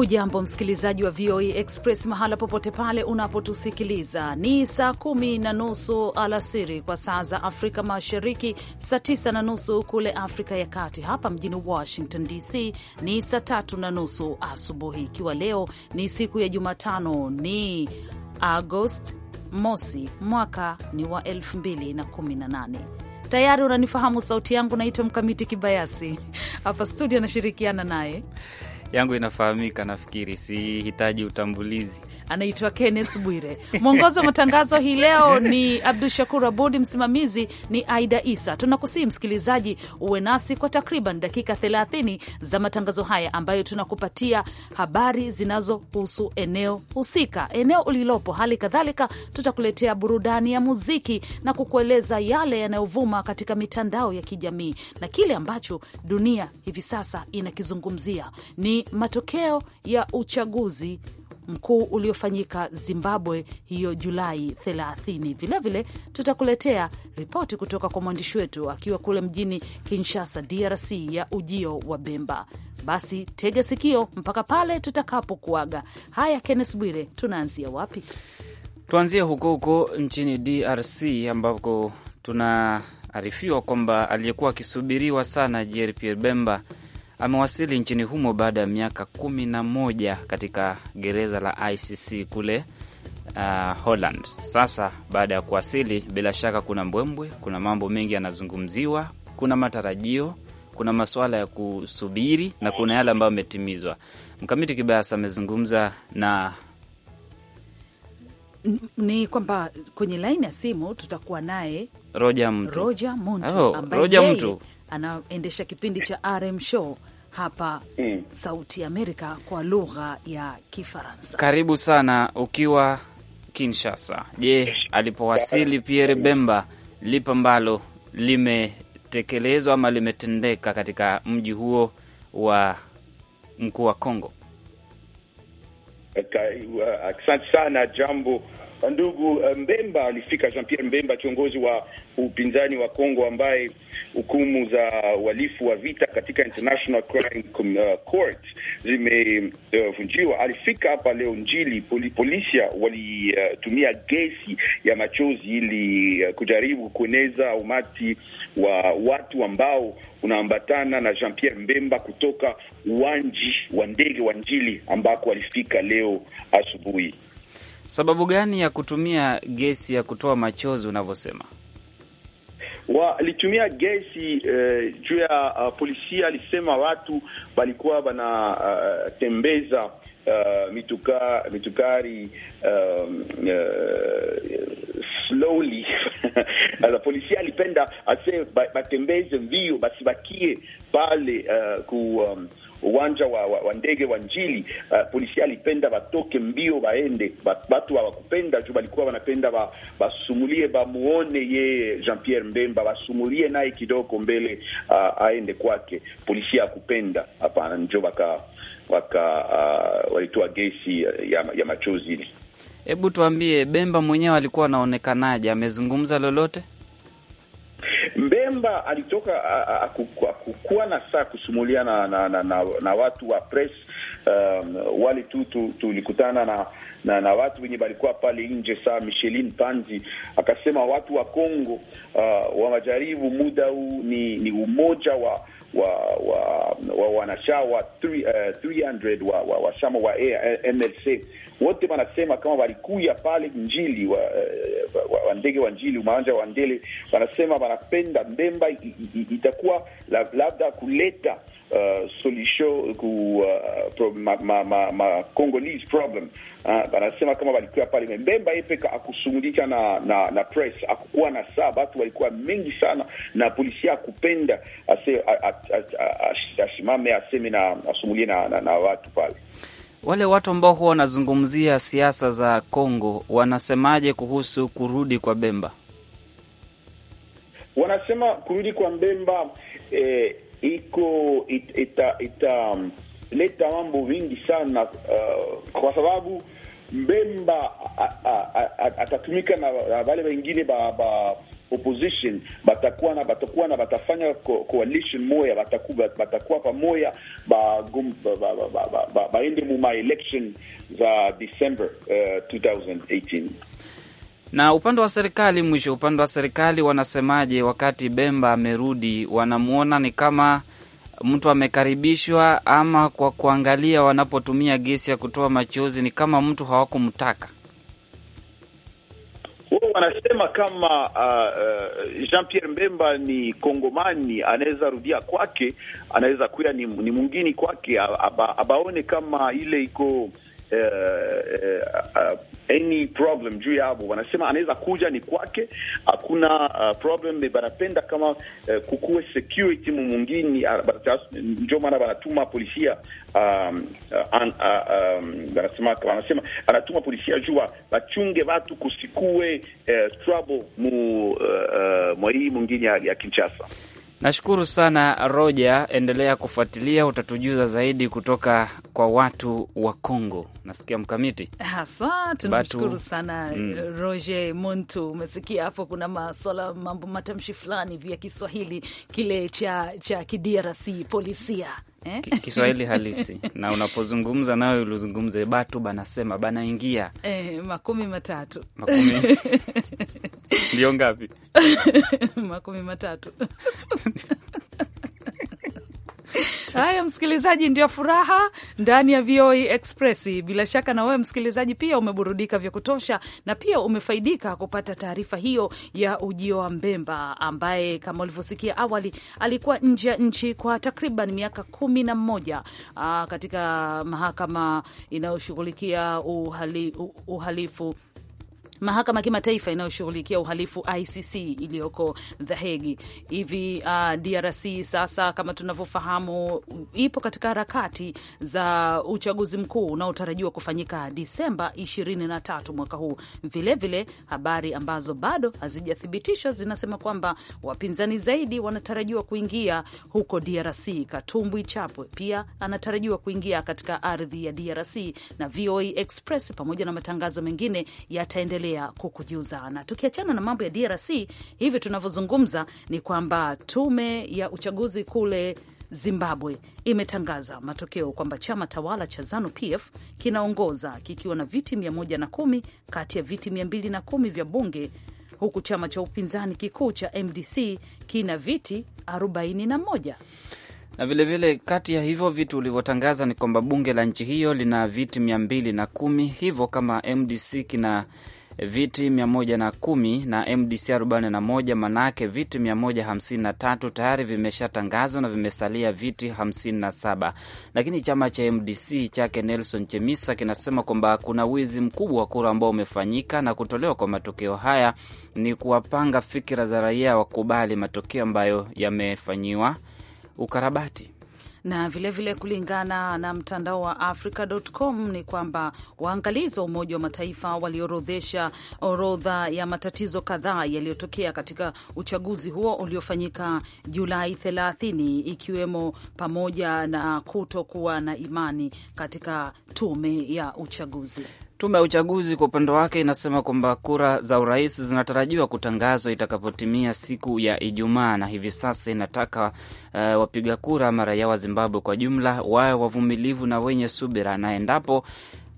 Hujambo msikilizaji wa VOA e Express mahala popote pale unapotusikiliza. Ni saa kumi na nusu alasiri kwa saa za Afrika Mashariki, saa tisa na nusu kule Afrika ya Kati. Hapa mjini Washington DC ni saa tatu na nusu asubuhi, ikiwa leo ni siku ya Jumatano, ni Agosti mosi, mwaka ni wa 2018 tayari unanifahamu sauti yangu, naitwa Mkamiti Kibayasi hapa studio, anashirikiana naye yangu inafahamika, nafikiri sihitaji utambulizi. Anaitwa Kenneth Bwire. Mwongozi wa matangazo hii leo ni Abdu Shakur Abud, msimamizi ni Aida Isa. Tunakusihi msikilizaji, uwe nasi kwa takriban dakika 30 za matangazo haya ambayo tunakupatia habari zinazohusu eneo husika, eneo ulilopo. Hali kadhalika tutakuletea burudani ya muziki na kukueleza yale yanayovuma katika mitandao ya kijamii na kile ambacho dunia hivi sasa inakizungumzia ni matokeo ya uchaguzi mkuu uliofanyika Zimbabwe hiyo Julai 30. Vilevile tutakuletea ripoti kutoka kwa mwandishi wetu akiwa kule mjini Kinshasa, DRC, ya ujio wa Bemba. Basi tega sikio mpaka pale tutakapokuaga. Haya, kennes Bwire, tunaanzia wapi? Tuanzie huko huko nchini DRC ambako tunaarifiwa kwamba aliyekuwa akisubiriwa sana Jean Pierre Bemba amewasili nchini humo baada ya miaka kumi na moja katika gereza la ICC kule uh, Holland. Sasa baada ya kuwasili, bila shaka kuna mbwembwe, kuna mambo mengi yanazungumziwa, kuna matarajio, kuna masuala ya kusubiri na kuna yale ambayo ametimizwa. Mkamiti Kibayasi amezungumza na ni kwamba kwenye laini ya simu tutakuwa naye Roja Mtu, Roja Mtu, oh, Roja Mtu anaendesha kipindi cha RM Show hapa mm, Sauti Amerika kwa lugha ya Kifaransa. Karibu sana ukiwa Kinshasa. Je, alipowasili Pierre Bemba, lipi ambalo limetekelezwa ama limetendeka katika mji huo wa mkuu wa Kongo? Asante sana jambo ndugu eh, Mbemba alifika, Jean Pierre Mbemba, kiongozi wa upinzani wa Kongo ambaye hukumu za uhalifu wa vita katika International Crime eh, Court zimevunjiwa. Uh, alifika hapa leo Njili. polisia walitumia uh, gesi ya machozi ili uh, kujaribu kueneza umati wa watu ambao unaambatana na Jean Pierre Mbemba kutoka uwanji wa ndege wa Njili ambako alifika leo asubuhi. Sababu gani ya kutumia gesi ya kutoa machozi unavyosema? Walitumia gesi eh, juu ya uh, polisia alisema watu walikuwa wanatembeza eh, uh, eh, Uh, mituka, mitukari um, uh, slowly la polisi alipenda ase batembeze mbio basibakie pale uh, ku um, uwanja wa, wa, wa ndege wa Njili. Uh, polisi alipenda batoke mbio baende, batu hawakupenda juu walikuwa wanapenda ba, basumulie bamuone yeye Jean Pierre Mbemba, basumulie naye kidogo mbele uh, aende kwake. Polisi akupenda hapana, njo waka, waka uh, walitoa gesi ya, ya machozi. Hebu tuambie Bemba mwenyewe alikuwa anaonekanaje? Amezungumza lolote? Pemba alitoka akukuwa na saa kusumulia na, na, na, na, na watu wa press um, wali tu tulikutana tu na, na na watu wenye balikuwa pale nje saa. Michelin Panzi akasema watu wa Kongo uh, wa majaribu muda huu ni, ni umoja wa wa wa wanachama wa 300 eh, wa wa, wa, wa, wa, wa, wa MLC wote wanasema kama walikuya pale Njili wa, wa, wa ndege wa Njili umaanja wa Ndele, wanasema wanapenda Mbemba itakuwa labda kuleta uh, solution ku uh, problem, ma, ma, ma, ma Congolese problem wanasema uh, kama walikuwa pale Mbemba epeka akusungulika na, na na press akukuwa na saa batu walikuwa mengi sana, na polisi akupenda asimame aseme na asumulie na, na, na watu pale wale watu ambao huwa wanazungumzia siasa za Kongo wanasemaje kuhusu kurudi kwa Bemba? Wanasema kurudi kwa Bemba eh, iko it, ita, ita um, leta mambo mingi sana uh, kwa sababu Mbemba atatumika na wale wengine ba, ba opposition batakuwa na batakuwa na batafanya coalition moya batakuwa batakuwa pamoya baende ba, ba, ba, ba, ba, ba mu ma election za December uh, eh, 2018 na upande wa serikali mwisho, upande wa serikali wanasemaje? Wakati Bemba amerudi, wanamwona ni kama mtu amekaribishwa, ama kwa kuangalia wanapotumia gesi ya kutoa machozi ni kama mtu hawakumtaka wao wanasema kama uh, uh Jean Pierre Mbemba ni Kongomani, anaweza rudia kwake, anaweza kuya ni, ni mwingine kwake, aba, abaone kama ile iko uh, uh, any problem juu hapo, wanasema anaweza kuja ni kwake, hakuna uh, problem. Banapenda kama uh, kukuwe security mumungini, ah, njo maana banatuma polisia wanasema um, uh, uh um, anatuma polisia jua bachunge watu kusikue uh, trouble mu uh, uh, mwa hii ya, ya Kinshasa. Nashukuru sana Roja, endelea kufuatilia, utatujuza zaidi kutoka kwa watu wa congo Nasikia mkamiti haswa. Tunashukuru sana mm. Roje Montu, umesikia hapo, kuna maswala mambo matamshi fulani vya Kiswahili kile cha, cha kiDRC polisia eh? Kiswahili halisi na unapozungumza nawe ulizungumze batu banasema banaingia eh, makumi matatu makumi ndio ngapi? makumi matatu. Haya, msikilizaji, ndio furaha ndani ya VOA e Express. Bila shaka na wewe msikilizaji pia umeburudika vya kutosha, na pia umefaidika kupata taarifa hiyo ya ujio wa Mbemba ambaye kama ulivyosikia awali alikuwa nje ya nchi kwa takriban miaka kumi na mmoja ah, katika mahakama inayoshughulikia uhali, uhalifu mahakama ya kimataifa inayoshughulikia uhalifu ICC iliyoko The Hague. Hivi uh, DRC sasa kama tunavyofahamu ipo katika harakati za uchaguzi mkuu unaotarajiwa kufanyika Disemba 23 mwaka huu. Vilevile vile, habari ambazo bado hazijathibitishwa zinasema kwamba wapinzani zaidi wanatarajiwa kuingia huko DRC. Katumbwi Chapwe pia anatarajiwa kuingia katika ardhi ya DRC na VOA Express pamoja na matangazo mengine yataendelea tutaendelea kukujuza. Na tukiachana na mambo ya DRC, hivi tunavyozungumza ni kwamba tume ya uchaguzi kule Zimbabwe imetangaza matokeo kwamba chama tawala cha ZANU-PF kinaongoza kikiwa na viti 110 kati ya viti 210 vya bunge huku chama cha upinzani kikuu cha MDC kina viti 41 na vilevile kati ya hivyo vitu ulivyotangaza ni kwamba bunge la nchi hiyo lina viti mia mbili na kumi. Hivyo kama MDC kina viti 110 na MDC 41, manake viti 153 tayari vimeshatangazwa na vimesalia viti 57. Lakini chama cha MDC chake Nelson Chemisa kinasema kwamba kuna wizi mkubwa wa kura ambao umefanyika, na kutolewa kwa matokeo haya ni kuwapanga fikira za raia wakubali matokeo ambayo yamefanyiwa ukarabati na vilevile vile kulingana na mtandao wa Africa.com ni kwamba waangalizi wa Umoja wa Mataifa waliorodhesha orodha ya matatizo kadhaa yaliyotokea katika uchaguzi huo uliofanyika Julai 30 ikiwemo pamoja na kuto kuwa na imani katika tume ya uchaguzi. Tume ya uchaguzi kwa upande wake inasema kwamba kura za urais zinatarajiwa kutangazwa itakapotimia siku ya Ijumaa, na hivi sasa inataka uh, wapiga kura ama raia wa Zimbabwe kwa jumla wawe wavumilivu na wenye subira, na endapo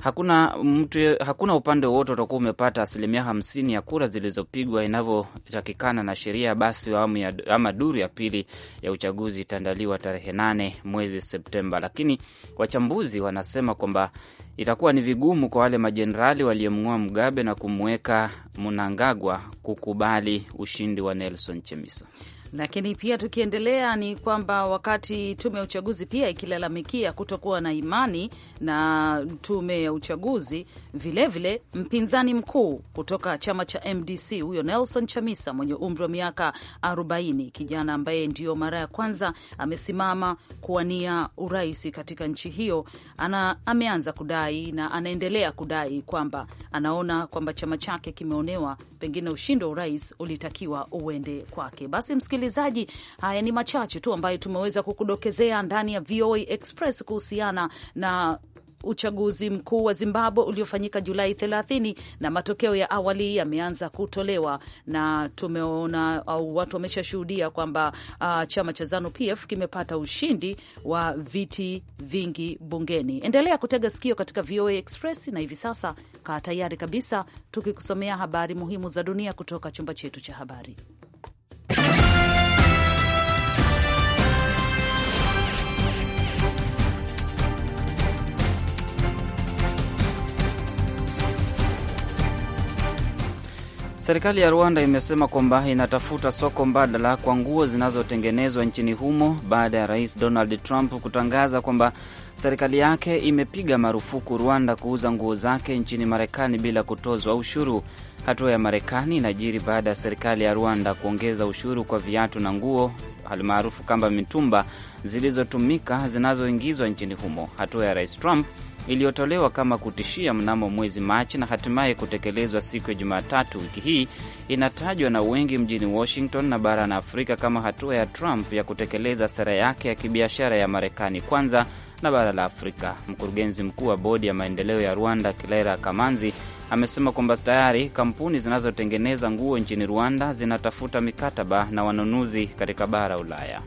hakuna mtu, hakuna upande wowote utakuwa umepata asilimia hamsini ya kura zilizopigwa inavyotakikana na sheria, basi awamu ya, ama duru ya pili ya uchaguzi itaandaliwa tarehe nane mwezi Septemba. Lakini wachambuzi wanasema kwamba itakuwa ni vigumu kwa wale majenerali waliyemng'oa Mugabe na kumweka Mnangagwa kukubali ushindi wa Nelson Chamisa. Lakini pia tukiendelea ni kwamba wakati tume ya uchaguzi pia ikilalamikia kutokuwa na imani na tume ya uchaguzi, vilevile mpinzani mkuu kutoka chama cha MDC huyo Nelson Chamisa mwenye umri wa miaka 40, kijana ambaye ndiyo mara ya kwanza amesimama kuwania urais katika nchi hiyo, ana ameanza kudai na anaendelea kudai kwamba anaona kwamba chama chake kimeonewa, pengine ushindi wa urais ulitakiwa uende kwake. Basi msikilizaji msikilizaji, haya ni machache tu ambayo tumeweza kukudokezea ndani ya VOA Express kuhusiana na uchaguzi mkuu wa Zimbabwe uliofanyika Julai 30 na matokeo ya awali yameanza kutolewa, na tumeona au watu wameshashuhudia kwamba uh, chama cha Zanu PF kimepata ushindi wa viti vingi bungeni. Endelea kutega sikio katika VOA Express, na hivi sasa kaa tayari kabisa tukikusomea habari muhimu za dunia kutoka chumba chetu cha habari. Serikali ya Rwanda imesema kwamba inatafuta soko mbadala kwa nguo zinazotengenezwa nchini humo baada ya Rais Donald Trump kutangaza kwamba serikali yake imepiga marufuku Rwanda kuuza nguo zake nchini Marekani bila kutozwa ushuru. Hatua ya Marekani inajiri baada ya serikali ya Rwanda kuongeza ushuru kwa viatu na nguo almaarufu kama mitumba zilizotumika zinazoingizwa nchini humo. Hatua ya Rais Trump iliyotolewa kama kutishia mnamo mwezi Machi na hatimaye kutekelezwa siku ya Jumatatu wiki hii inatajwa na wengi mjini Washington na barani Afrika kama hatua ya Trump ya kutekeleza sera yake ya kibiashara ya Marekani kwanza na bara la Afrika. Mkurugenzi mkuu wa bodi ya maendeleo ya Rwanda, Claire Kamanzi, amesema kwamba tayari kampuni zinazotengeneza nguo nchini Rwanda zinatafuta mikataba na wanunuzi katika bara Ulaya.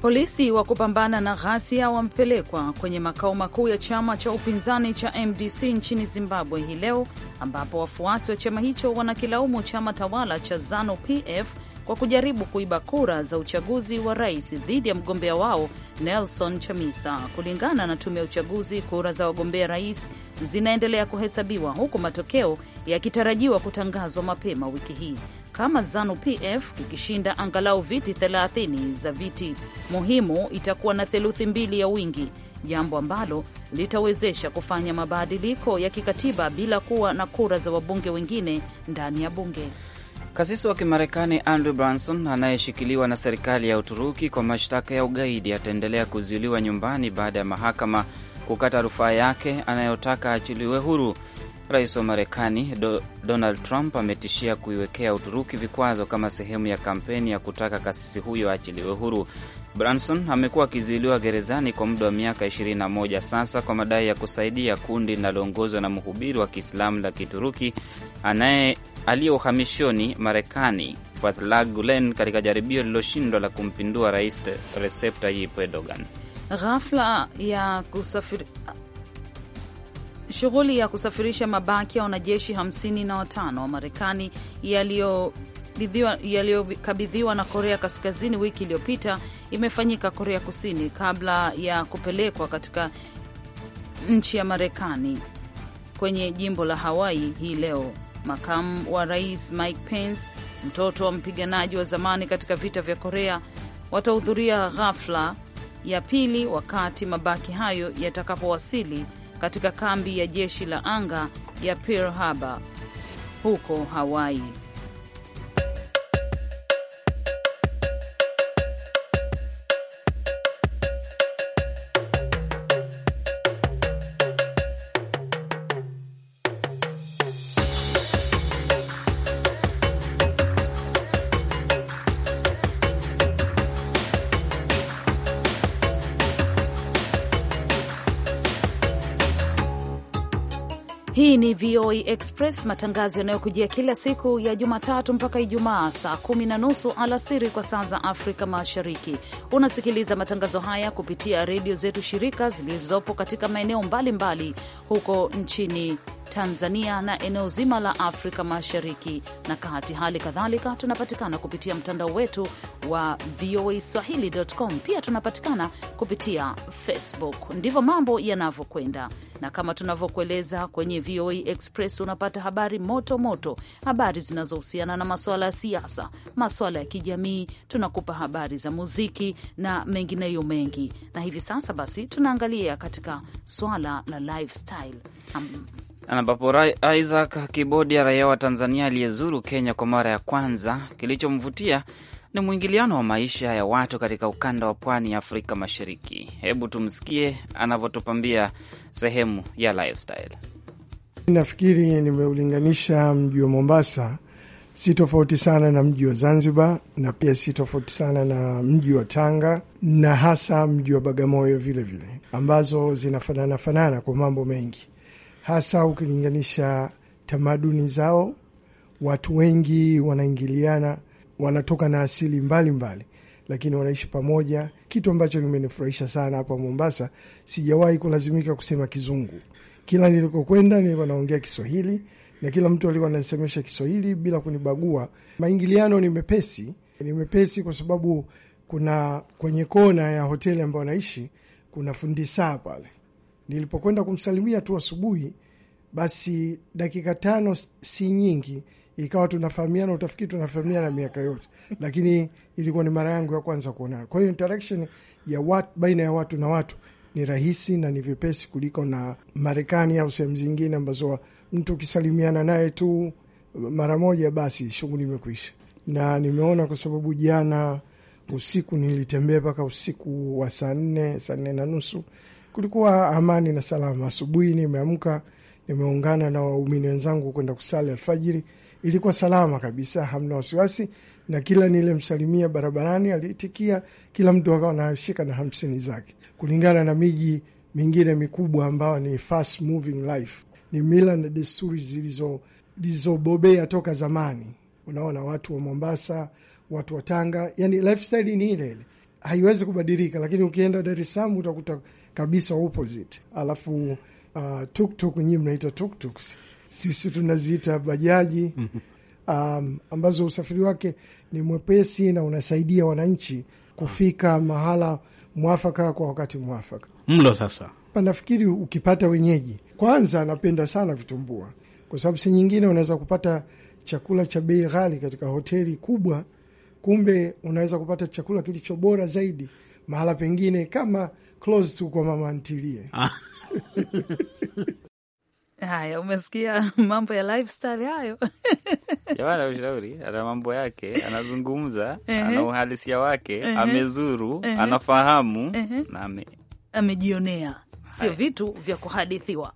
Polisi wa kupambana na ghasia wampelekwa kwenye makao makuu ya chama cha upinzani cha MDC nchini Zimbabwe hii leo, ambapo wafuasi wa chama hicho wanakilaumu chama tawala cha ZANU PF kwa kujaribu kuiba kura za uchaguzi wa rais dhidi ya mgombea wao Nelson Chamisa. Kulingana na tume ya uchaguzi, kura za wagombea rais zinaendelea kuhesabiwa huku matokeo yakitarajiwa kutangazwa mapema wiki hii. Kama ZANU-PF kikishinda angalau viti 30 za viti muhimu, itakuwa na theluthi mbili ya wingi, jambo ambalo litawezesha kufanya mabadiliko ya kikatiba bila kuwa na kura za wabunge wengine ndani ya bunge. Kasisi wa Kimarekani Andrew Branson anayeshikiliwa na serikali ya Uturuki kwa mashtaka ya ugaidi ataendelea kuzuiliwa nyumbani baada ya mahakama kukata rufaa yake anayotaka achiliwe huru. Rais wa Marekani Do Donald Trump ametishia kuiwekea Uturuki vikwazo kama sehemu ya kampeni ya kutaka kasisi huyo aachiliwe huru. Branson amekuwa akizuiliwa gerezani kwa muda wa miaka 21 sasa kwa madai ya kusaidia kundi linaloongozwa na, na mhubiri wa Kiislamu la Kituruki anaye aliye uhamishoni Marekani Fethullah Gulen katika jaribio lililoshindwa la kumpindua Rais Recep Tayyip Erdogan. Ghafla ya kusafiri Shughuli ya kusafirisha mabaki ya wanajeshi 55 wa Marekani yaliyo yaliyokabidhiwa na Korea Kaskazini wiki iliyopita imefanyika Korea Kusini kabla ya kupelekwa katika nchi ya Marekani kwenye jimbo la Hawaii hii leo. Makamu wa rais Mike Pence, mtoto wa mpiganaji wa zamani katika vita vya Korea, watahudhuria ghafla ya pili wakati mabaki hayo yatakapowasili katika kambi ya jeshi la anga ya Pearl Harbor huko Hawaii. VOA Express, matangazo yanayokujia kila siku ya Jumatatu mpaka Ijumaa saa kumi na nusu alasiri kwa saa za Afrika Mashariki. Unasikiliza matangazo haya kupitia redio zetu shirika zilizopo katika maeneo mbalimbali huko nchini Tanzania na eneo zima la Afrika Mashariki na Kati. Hali kadhalika tunapatikana kupitia mtandao wetu wa Swahili.com. Pia tunapatikana kupitia Facebook. Ndivyo mambo yanavyokwenda, na kama tunavyokueleza kwenye VOA Express unapata habari moto moto, habari zinazohusiana na masuala ya siasa, masuala ya kijamii, tunakupa habari za muziki na mengineyo mengi. Na hivi sasa basi tunaangalia katika swala la lifestyle. Um, ambapo Isaac Kibodia, raia wa Tanzania aliyezuru Kenya kwa mara ya kwanza, kilichomvutia ni mwingiliano wa maisha ya watu katika ukanda wa pwani ya Afrika Mashariki. Hebu tumsikie anavyotupambia sehemu ya lifestyle. Nafikiri nimeulinganisha mji wa Mombasa, si tofauti sana na mji wa Zanzibar, na pia si tofauti sana na mji wa Tanga na hasa mji wa Bagamoyo vilevile, ambazo zinafanana fanana kwa mambo mengi hasa ukilinganisha tamaduni zao. Watu wengi wanaingiliana, wanatoka na asili mbalimbali mbali, lakini wanaishi pamoja, kitu ambacho kimenifurahisha sana. Hapa Mombasa sijawahi kulazimika kusema Kizungu. Kila nilikokwenda nilikuwa naongea Kiswahili na kila mtu alikuwa ananisemesha Kiswahili bila kunibagua. Maingiliano ni mepesi, ni mepesi kwa sababu kuna kwenye kona ya hoteli ambayo wanaishi kuna fundi saa pale Nilipokwenda kumsalimia tu asubuhi, basi dakika tano si nyingi, ikawa tunafahamiana, utafikiri tunafahamiana miaka yote, lakini ilikuwa ni mara yangu ya kwanza kuonana. Kwa hiyo interaction ya watu, baina ya watu na watu ni rahisi na ni vyepesi kuliko na Marekani au sehemu zingine ambazo mtu ukisalimiana naye tu mara moja, basi shughuli imekwisha. Na nimeona kwa sababu jana usiku nilitembea mpaka usiku wa saa nne, saa nne na nusu kulikuwa amani na salama. Asubuhi nimeamka nimeungana na waumini wenzangu kwenda kusali alfajiri, ilikuwa salama kabisa, hamna wasiwasi, na kila nilimsalimia barabarani aliitikia, kila mtu akawa nashika na hamsini zake, kulingana na miji mingine mikubwa ambayo ni fast moving life, ni mila na desturi zilizobobea toka zamani. Unaona, watu wa Mombasa, watu wa Tanga, yani lifestyle ni ile ile, haiwezi kubadilika. Lakini ukienda Dar es Salaam utakuta kabisa opposite. Alafu uh, tuktuk, nyi mnaita tuktuk, sisi tunaziita bajaji um, ambazo usafiri wake ni mwepesi na unasaidia wananchi kufika mahala mwafaka kwa wakati mwafaka. Mlo sasa, nafikiri ukipata wenyeji kwanza, anapenda sana vitumbua, kwa sababu si nyingine unaweza kupata chakula cha bei ghali katika hoteli kubwa, kumbe unaweza kupata chakula kilicho bora zaidi mahala pengine, kama close tu kwa mama ntilie. Ah. Haya, umesikia mambo ya lifestyle hayo. Jamani, ushauri ana mambo yake, anazungumza ana uhalisia wake, amezuru, anafahamu na ame amejionea, sio vitu vya kuhadithiwa.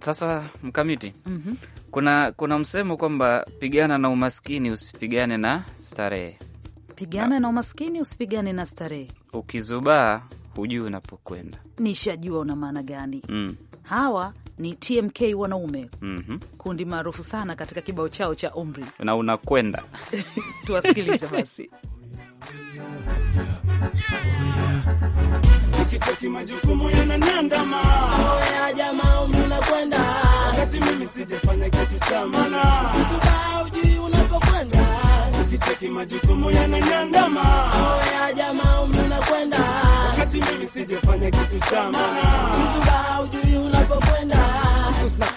Sasa mkamiti, mm -hmm. kuna kuna msemo kwamba pigana na umaskini usipigane na starehe, pigana na, na umaskini usipigane na starehe. Ukizubaa hujui unapokwenda. Nishajua una maana gani? mm. hawa ni TMK wanaume mm -hmm. kundi maarufu sana katika kibao chao cha umri na unakwenda tuwasikilize basi majukumu yananiandama oya jamaa, umri unakwenda, wakati mimi sijafanya kitu cha maana. unapokwenda. majukumu yananiandama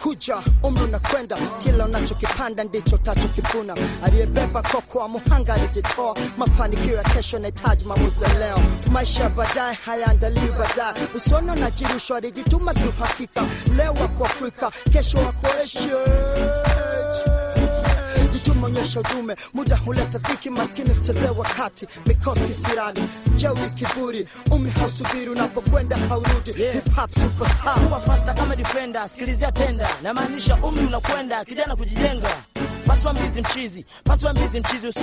Kucha umri unakwenda, kila unachokipanda ndicho utachokivuna. Aliyebeba kokoa muhanga alijitoa. Mafanikio ya kesho yanahitaji maamuzi ya leo. Maisha ya baadaye hayaandaliwi baadaye, usione unajirushwa, alijituma tu. Hakika leo wako Afrika, kesho wako Asia inaonyesha udume, muda huleta dhiki, maskini sichezee wakati, mikosi sirani jeuri kiburi, umri hausubiri, unapokwenda haurudi. Hip hop superstar huwa fasta kama defender, sikilizia tenda, namaanisha umri unakwenda, kijana kujijenga paswa mbizi mchizi, paswa mbizi mchizi,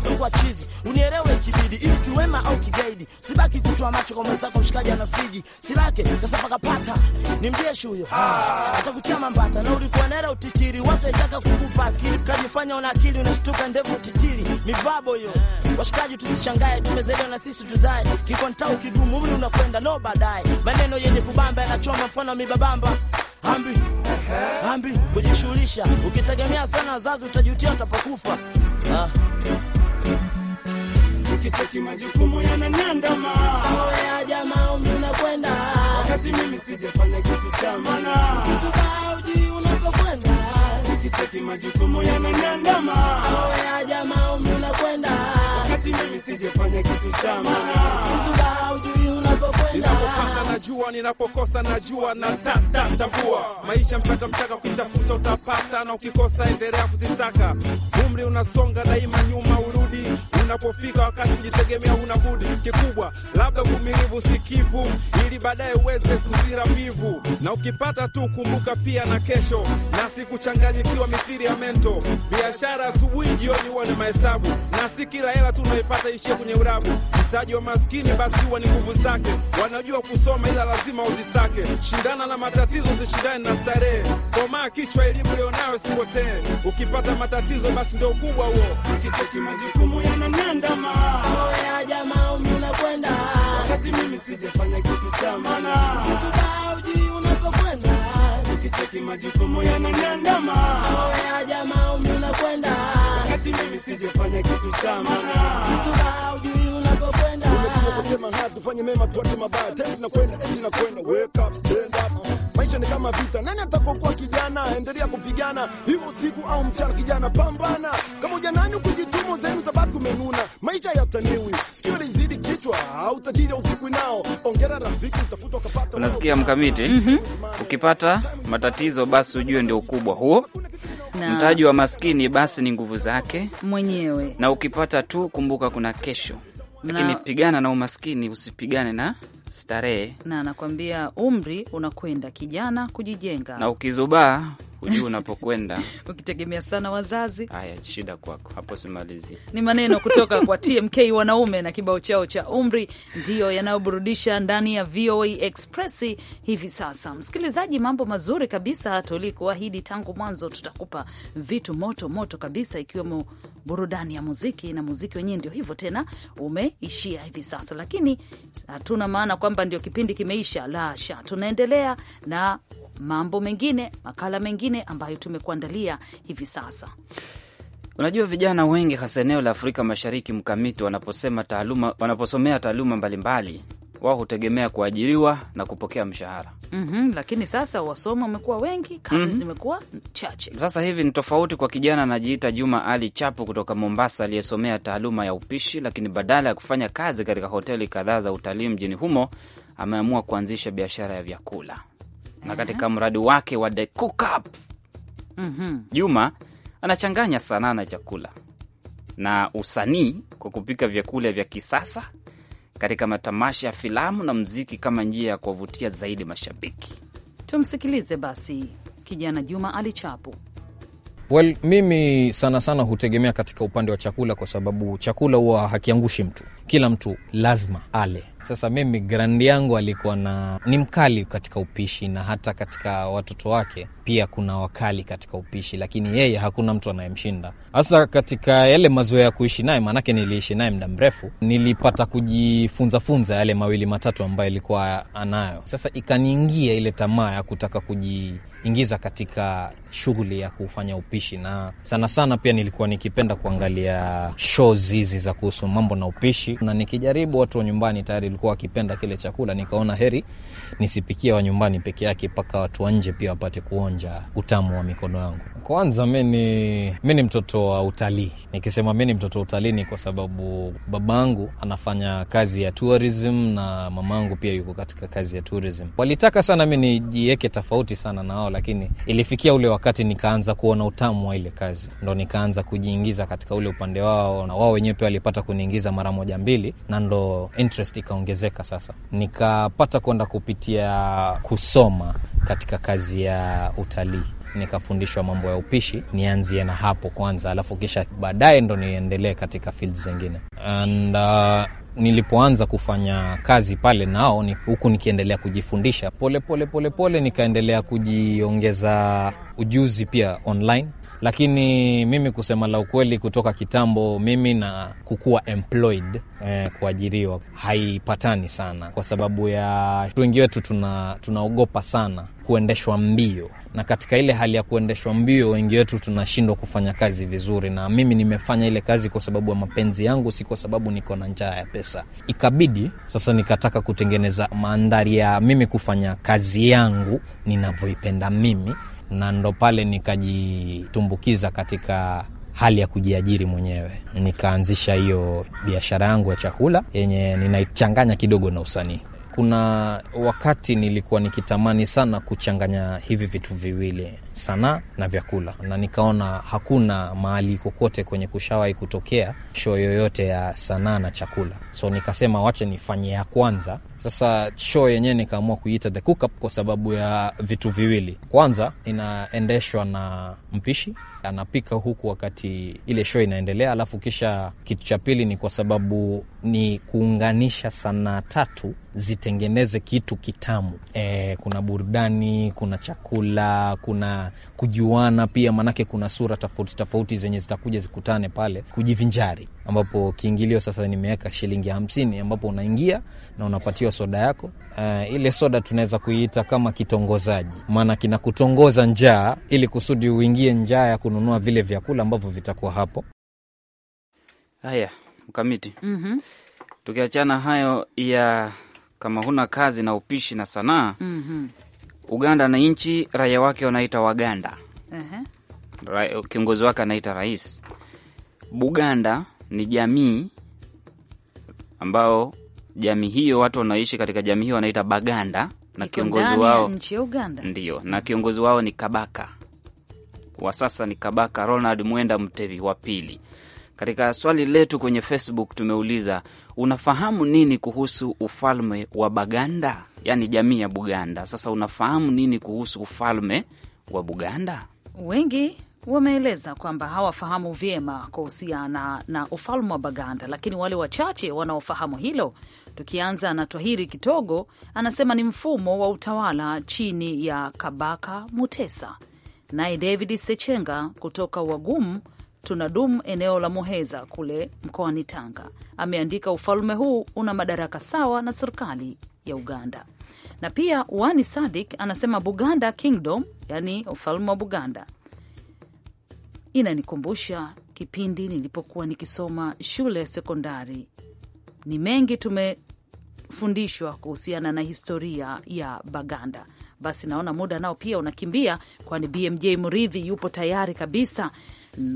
tu kwa chizi, unielewe kibidi, ili kiwema au kigaidi, sibaki kutwa macho kwa mwenzako, mshikaji na friji silake sasa pata ni mjeshi huyo ah. atakutia mambata na ulikuwa naela utitiri, watu aitaka kukupa akili, kajifanya una akili, unashtuka ndevu utitiri, mivabo hiyo. Eh. Washikaji tusishangae, tumezelewa na sisi tuzae, kikonta ukidumu umri unakwenda no baadaye, maneno yenye kubamba yanachoma mfano mibabamba hambi ambi kujishughulisha. Ukitegemea sana wazazi, utajutia utapokufa. Ukitaki majukumu yananiandama, ya jamaa umri unakwenda, wakati mimi sijafanya kitu cha maana. Ujui unapokwenda, ukitaki majukumu yananiandama, ya jamaa umri unakwenda, wakati mimi sijafanya kitu cha maana ninapokosa najua, ninapokosa najua, na tatambua maisha mchaka mchaka, ukitafuta utapata, na ukikosa endelea kuzisaka. Umri unasonga daima, nyuma urudi unapofika wakati kujitegemea una budi kikubwa, labda uvumilivu sikivu, ili baadaye uweze kuzira vivu. Na ukipata tu kumbuka pia na kesho, na sikuchanganyikiwa mithiri ya mento. Biashara asubuhi, jioni huwa na mahesabu, na si kila hela tu unaipata ishie kwenye urabu mahitaji wa maskini basi huwa ni nguvu zake. Wanajua kusoma ila lazima uzisake. Shindana na matatizo, zishindane na starehe. Komaa kichwa, elimu lionayo sipotee. Ukipata matatizo basi ndio ukubwa huo. Kicheki majukumu yananiandama, oya jamaa, unakwenda wakati mimi sijafanya kitu cha maana, majukumu yananiandama, oya jamaa, unakwenda wakati mimi sijafanya kitu cha maana wanavyosema, tufanye mema tuache mabaya, tena eti na kwenda, wake up stand up. Maisha ni kama vita, nani atakokuwa kijana? Endelea kupigana hiyo au mchana, kijana pambana kama zenu umenuna. Maisha yataniwi, sikio lizidi kichwa, au usiku nao ongera rafiki, utafuta ukapata. Unasikia mkamiti? mm -hmm. Ukipata matatizo basi ujue ndio ukubwa huo na mtaji wa maskini basi ni nguvu zake mwenyewe, na ukipata tu kumbuka kuna kesho lakini pigana na umaskini, usipigane na starehe. Na anakwambia umri unakwenda kijana kujijenga, na ukizubaa hujui unapokwenda ukitegemea sana wazazi. Haya, shida kwako hapo, simalizi. Ni maneno kutoka kwa TMK wanaume na kibao chao cha umri, ndiyo yanayoburudisha ndani ya VOA Express hivi sasa. Msikilizaji, mambo mazuri kabisa tulikuahidi tangu mwanzo, tutakupa vitu moto moto kabisa, ikiwemo burudani ya muziki na muziki wenyewe ndio hivyo tena umeishia hivi sasa, lakini hatuna maana kwamba ndio kipindi kimeisha, la tunaendelea na mambo mengine, makala mengine ambayo tumekuandalia hivi sasa. Unajua, vijana wengi hasa eneo la Afrika Mashariki mkamiti wanaposema taaluma, wanaposomea taaluma mbalimbali wao hutegemea kuajiriwa na kupokea mshahara mm -hmm, lakini sasa wasomi wamekuwa wengi, kazi mm -hmm, zimekuwa chache. Sasa hivi ni tofauti kwa kijana anajiita Juma Ali chapu kutoka Mombasa aliyesomea taaluma ya upishi, lakini badala ya kufanya kazi katika hoteli kadhaa za utalii mjini humo ameamua kuanzisha biashara ya vyakula na katika mradi wake wa The Cook Up mhm. Juma anachanganya sanaa na chakula na usanii kwa kupika vyakula vya kisasa katika matamasha ya filamu na mziki kama njia ya kuwavutia zaidi mashabiki. Tumsikilize basi kijana Juma Alichapo. Well, mimi sana sana hutegemea katika upande wa chakula, kwa sababu chakula huwa hakiangushi mtu, kila mtu lazima ale sasa mimi grandi yangu alikuwa na ni mkali katika upishi, na hata katika watoto wake pia kuna wakali katika upishi, lakini yeye hakuna mtu anayemshinda hasa katika yale mazoea ya kuishi naye, maanake niliishi naye muda mrefu. Nilipata kujifunzafunza yale mawili matatu ambayo ilikuwa anayo. Sasa ikaniingia ile tamaa ya kutaka kujiingiza katika shughuli ya kufanya upishi, na sana sana pia nilikuwa nikipenda kuangalia shows hizi za kuhusu mambo na upishi, na nikijaribu watu wa nyumbani tayari walikuwa wakipenda kile chakula, nikaona heri nisipikie wa nyumbani peke yake, mpaka watu wa nje pia wapate kuonja utamu wa mikono yangu. Kwanza mi ni mtoto wa utalii. Nikisema mi ni mtoto wa utalii ni kwa sababu baba yangu anafanya kazi ya tourism na mama yangu pia yuko katika kazi ya tourism. Walitaka sana mi nijiweke tofauti sana na wao, lakini ilifikia ule wakati nikaanza kuona utamu wa ile kazi, ndo nikaanza kujiingiza katika ule upande wao, na wao wenyewe pia walipata kuniingiza mara moja mbili, na ndo interest ika inaongezeka sasa. Nikapata kwenda kupitia kusoma katika kazi ya utalii nikafundishwa mambo ya upishi, nianzie na hapo kwanza, alafu kisha baadaye ndo niendelee katika fields zingine and uh, nilipoanza kufanya kazi pale nao ni, huku nikiendelea kujifundisha polepolepolepole pole, nikaendelea kujiongeza ujuzi pia online lakini mimi kusema la ukweli, kutoka kitambo mimi na kukuwa employed eh, kuajiriwa haipatani sana, kwa sababu ya wengi wetu tuna tunaogopa sana kuendeshwa mbio, na katika ile hali ya kuendeshwa mbio, wengi wetu tunashindwa kufanya kazi vizuri. Na mimi nimefanya ile kazi kwa sababu ya mapenzi yangu, si kwa sababu niko na njaa ya pesa. Ikabidi sasa nikataka kutengeneza mandhari ya mimi kufanya kazi yangu ninavyoipenda mimi na ndo pale nikajitumbukiza katika hali ya kujiajiri mwenyewe. Nikaanzisha hiyo biashara yangu ya chakula yenye ninaichanganya kidogo na usanii. Kuna wakati nilikuwa nikitamani sana kuchanganya hivi vitu viwili sanaa na vyakula, na nikaona hakuna mahali kokote kwenye kushawahi kutokea shoo yoyote ya sanaa na chakula, so nikasema wacha nifanye ya kwanza. Sasa shoo yenyewe nikaamua kuiita The Cook Up kwa sababu ya vitu viwili. Kwanza, inaendeshwa na mpishi anapika huku wakati ile shoo inaendelea, alafu kisha kitu cha pili ni kwa sababu ni kuunganisha sanaa tatu zitengeneze kitu kitamu. E, kuna burudani, kuna chakula, kuna kujuana pia, maanake kuna sura tofauti tofauti zenye zitakuja zikutane pale kujivinjari, ambapo kiingilio sasa nimeweka shilingi hamsini, ambapo unaingia na unapatiwa soda yako. Uh, ile soda tunaweza kuiita kama kitongozaji, maana kinakutongoza njaa ili kusudi uingie njaa ya kununua vile vyakula ambavyo vitakuwa hapo. Haya, mkamiti mm -hmm. Tukiachana hayo ya kama huna kazi na upishi na sanaa mm -hmm. Uganda na nchi raia wake wanaita Waganda. uh -huh. Kiongozi wake anaita rais. Buganda ni jamii ambao jamii hiyo watu wanaishi katika jamii hiyo wanaita Baganda na kiongozi wao ndio, na kiongozi wao ni Kabaka wa sasa ni Kabaka Ronald Mwenda mtevi wa pili. Katika swali letu kwenye Facebook tumeuliza unafahamu nini kuhusu ufalme wa Baganda, yaani jamii ya Buganda? Sasa unafahamu nini kuhusu ufalme wa Buganda? Wengi wameeleza kwamba hawafahamu vyema kuhusiana na ufalme wa Baganda, lakini wale wachache wanaofahamu hilo, tukianza na Twahiri Kitogo, anasema ni mfumo wa utawala chini ya Kabaka Mutesa. Naye David Sechenga kutoka Wagumu tunadum eneo la Muheza kule mkoani Tanga. Ameandika ufalme huu una madaraka sawa na serikali ya Uganda. Na pia Wani Sadik anasema Buganda Kingdom, yani ufalme wa Buganda, inanikumbusha kipindi nilipokuwa nikisoma shule ya sekondari. Ni mengi tumefundishwa kuhusiana na historia ya Baganda. Basi naona muda nao pia unakimbia, kwani BMJ Muridhi yupo tayari kabisa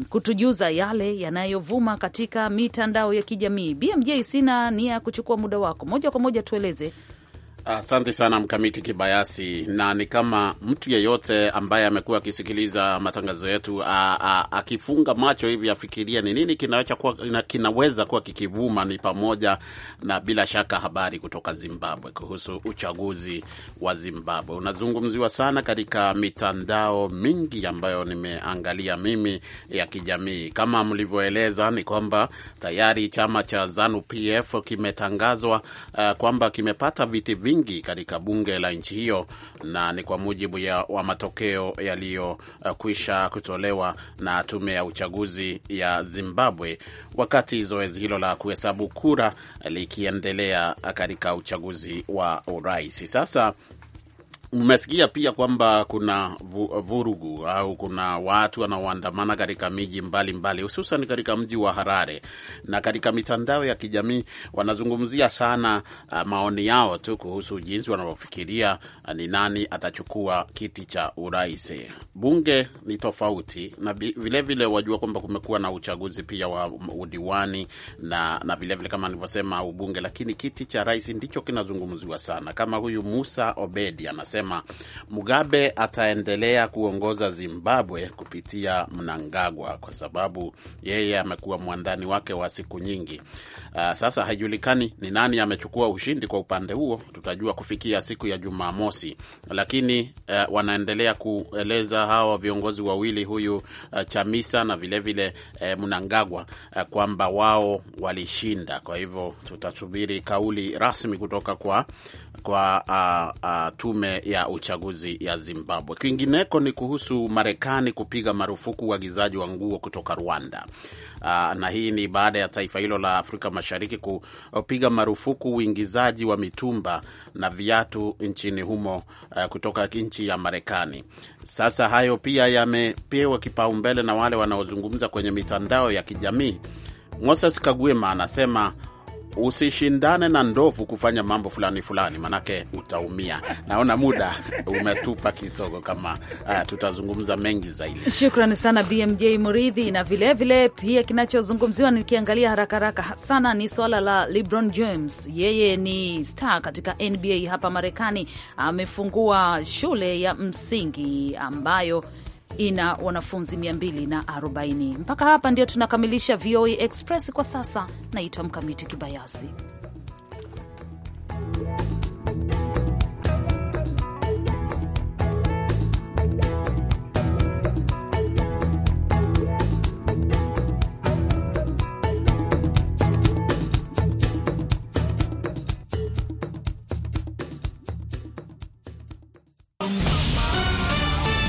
kutujuza yale yanayovuma katika mitandao ya kijamii. BMJ, sina nia ya kuchukua muda wako, moja kwa moja tueleze Asante sana Mkamiti Kibayasi, na ni kama mtu yeyote ambaye amekuwa akisikiliza matangazo yetu akifunga macho hivi afikirie ni nini kinaweza kuwa, kinaweza kuwa kikivuma, ni pamoja na bila shaka habari kutoka Zimbabwe kuhusu uchaguzi wa Zimbabwe. Unazungumziwa sana katika mitandao mingi ambayo nimeangalia mimi ya kijamii. Kama mlivyoeleza, ni kwamba tayari chama cha ZANU PF kimetangazwa uh, kwamba kimepata viti vingi wingi katika bunge la nchi hiyo, na ni kwa mujibu ya, wa matokeo yaliyokwisha kutolewa na tume ya uchaguzi ya Zimbabwe, wakati zoezi hilo la kuhesabu kura likiendelea katika uchaguzi wa urais. Sasa Umesikia pia kwamba kuna vurugu au kuna watu wanaoandamana katika miji mbalimbali, hususan katika mji wa Harare, na katika mitandao ya kijamii wanazungumzia sana uh, maoni yao tu kuhusu jinsi wanavyofikiria uh, ni nani atachukua kiti cha urais. Bunge ni tofauti, na vilevile vile wajua kwamba kumekuwa na uchaguzi pia wa udiwani na na vilevile vile kama nilivyosema ubunge, lakini kiti cha rais ndicho kinazungumziwa sana, kama huyu Musa Obedi anasema amesema Mugabe ataendelea kuongoza Zimbabwe kupitia Mnangagwa kwa sababu yeye amekuwa mwandani wake wa siku nyingi. Uh, sasa haijulikani ni nani amechukua ushindi kwa upande huo, tutajua kufikia siku ya Jumamosi, lakini uh, wanaendelea kueleza hawa viongozi wawili huyu, uh, Chamisa na vilevile vile, uh, Mnangagwa uh, kwamba wao walishinda. Kwa hivyo tutasubiri kauli rasmi kutoka kwa kwa uh, uh, tume ya uchaguzi ya Zimbabwe. Kwingineko ni kuhusu Marekani kupiga marufuku uagizaji wa nguo kutoka Rwanda. Ah, na hii ni baada ya taifa hilo la Afrika Mashariki kupiga marufuku uingizaji wa mitumba na viatu nchini humo uh, kutoka nchi ya Marekani. Sasa hayo pia yamepewa kipaumbele na wale wanaozungumza kwenye mitandao ya kijamii. Moses Kagwema anasema usishindane na ndovu kufanya mambo fulani fulani, manake utaumia. Naona muda umetupa kisogo, kama uh, tutazungumza mengi zaidi. Shukrani sana BMJ Muridhi, na vilevile pia kinachozungumziwa nikiangalia haraka haraka sana ni swala la LeBron James. Yeye ni star katika NBA hapa Marekani, amefungua shule ya msingi ambayo ina wanafunzi 240. Mpaka hapa ndio tunakamilisha VOA e Express kwa sasa. Naitwa Mkamiti Kibayasi.